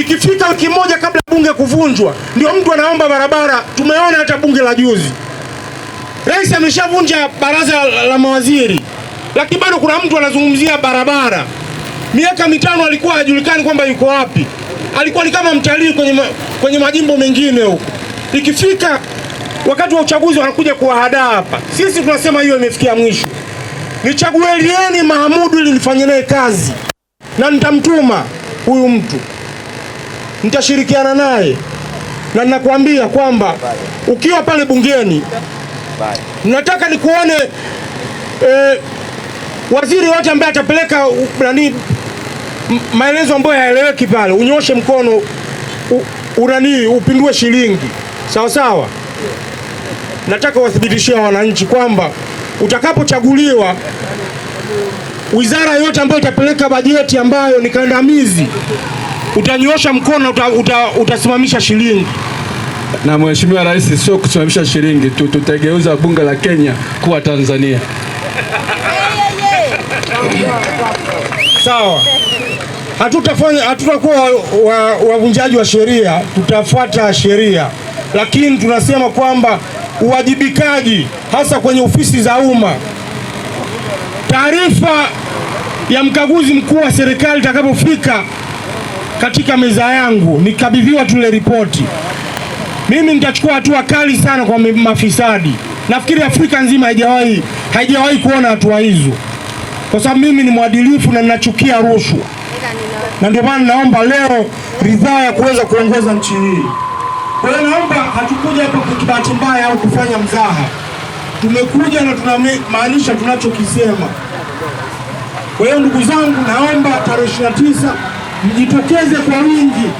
Ikifika wiki moja kabla bunge kuvunjwa, ndio mtu anaomba barabara. Tumeona hata bunge la juzi, rais ameshavunja baraza la mawaziri, lakini bado kuna mtu anazungumzia barabara. Miaka mitano alikuwa hajulikani kwamba yuko wapi, alikuwa ni kama mtalii kwenye, ma, kwenye majimbo mengine huko. Ikifika wakati wa uchaguzi wanakuja kuwahadaa hapa. Sisi tunasema hiyo imefikia mwisho. Nichaguelieni Mahamudu ili nifanye naye kazi, na nitamtuma huyu mtu nitashirikiana naye, na ninakwambia kwamba ukiwa pale bungeni, nataka nikuone e, waziri wote ambaye atapeleka nani maelezo ambayo hayaeleweki pale, unyoshe mkono unani upindue shilingi sawa sawa. Nataka wathibitishia wananchi kwamba utakapochaguliwa wizara yote ambayo itapeleka bajeti ambayo ni kandamizi utanyosha mkono uta, uta, utasimamisha shilingi na Mheshimiwa Rais sio kusimamisha shilingi tu, tutageuza bunge la Kenya kuwa Tanzania. Sawa, hatutafanya hatutakuwa wavunjaji wa, wa, wa sheria, tutafuata sheria, lakini tunasema kwamba uwajibikaji hasa kwenye ofisi za umma, taarifa ya mkaguzi mkuu wa serikali itakapofika katika meza yangu, nikabidhiwa tule ripoti. Mimi nitachukua hatua kali sana kwa mafisadi. Nafikiri Afrika nzima haijawahi haijawahi kuona hatua hizo, kwa sababu mimi ni mwadilifu na ninachukia rushwa, na ndio maana naomba leo ridhaa ya kuweza kuongoza nchi hii. Kwa hiyo naomba, hatukuja hapa kwa bahati mbaya au kufanya mzaha, tumekuja na tunamaanisha tunachokisema. Kwa hiyo ndugu zangu, naomba tarehe 29 mjitokeze kwa wingi,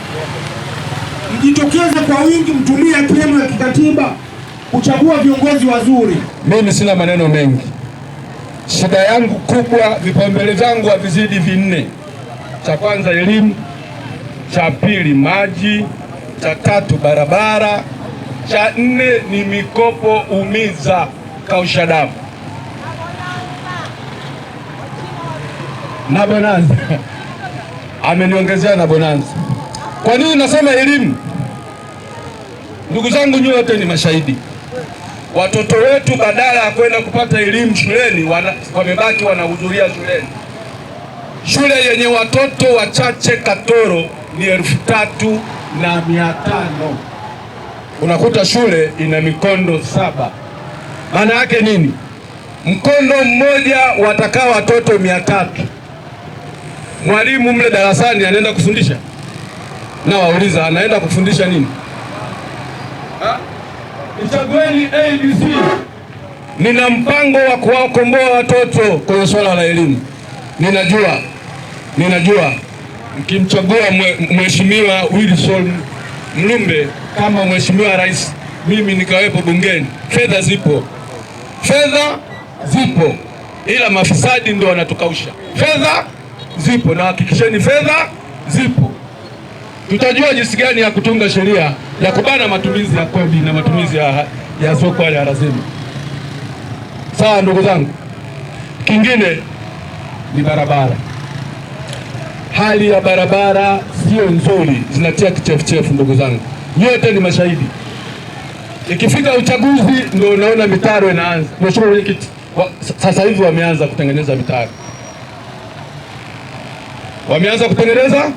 mjitokeze kwa wingi, mtumie haki yenu ya kikatiba kuchagua viongozi wazuri. Mimi sina maneno mengi, shida yangu kubwa, vipaumbele vyangu havizidi vinne: cha kwanza elimu, cha pili maji, cha tatu barabara, cha nne ni mikopo umiza kausha damu na bonanza ameniongezea na bonanza. Kwa nini nasema elimu? Ndugu zangu nyote ni mashahidi, watoto wetu badala ya kwenda kupata elimu shuleni wamebaki wanahudhuria shuleni. Shule yenye watoto wachache Katoro ni elfu tatu na mia tano unakuta shule ina mikondo saba. Maana yake nini? Mkondo mmoja watakaa watoto mia tatu mwalimu mle darasani anaenda kufundisha? Na wauliza anaenda kufundisha nini? Mchagueni ABC. Nina mpango wa kuwakomboa watoto kwenye swala la elimu. Ninajua, ninajua mkimchagua mheshimiwa Wilson Mlumbe kama mheshimiwa rais, mimi nikawepo bungeni, fedha zipo, fedha zipo, ila mafisadi ndio wanatukausha fedha zipo, na hakikisheni fedha zipo. Tutajua jinsi gani ya kutunga sheria ya kubana matumizi ya kodi na matumizi ya, ya soko ya lazima. Sawa ndugu zangu, kingine ni barabara. Hali ya barabara sio nzuri, zinatia kichefuchefu ndugu zangu, nyote ni mashahidi. Ikifika uchaguzi ndio unaona mitaro inaanza. Mheshimiwa Mwenyekiti, sasa hivi wameanza kutengeneza mitaro wameanza kutengeneza.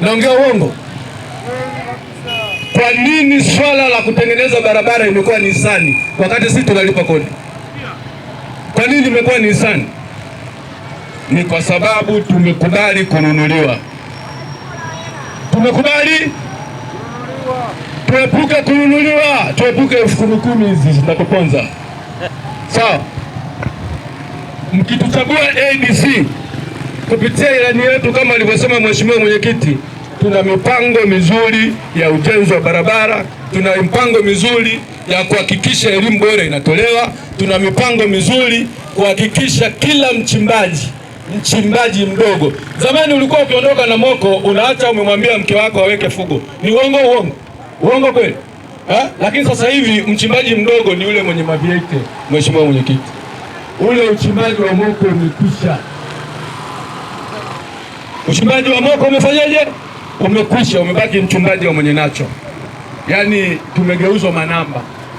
Naongea uongo? Kwa nini swala la kutengeneza barabara imekuwa ni hisani wakati sisi tunalipa kodi? Kwa nini imekuwa ni hisani? Ni kwa sababu tumekubali kununuliwa, tumekubali tuepuke kununuliwa, tuepuke elfu kumi kumi hizi zinakoponza Sawa, mkituchagua ADC kupitia ilani yetu kama alivyosema mheshimiwa mwenyekiti, tuna mipango mizuri ya ujenzi wa barabara, tuna mipango mizuri ya kuhakikisha elimu bora inatolewa, tuna mipango mizuri kuhakikisha kila mchimbaji mchimbaji mdogo. Zamani ulikuwa ukiondoka na moko unaacha umemwambia mke wako aweke fugo, ni uongo uongo uongo kweli ha? Lakini sasa hivi mchimbaji mdogo ni yule mwenye maviete. Mheshimiwa mwenyekiti, ule uchimbaji wa moko umekwisha. Uchimbaji wa moko umefanyaje? Umekwisha, umebaki mchungaji wa mwenye nacho, yaani tumegeuzwa manamba.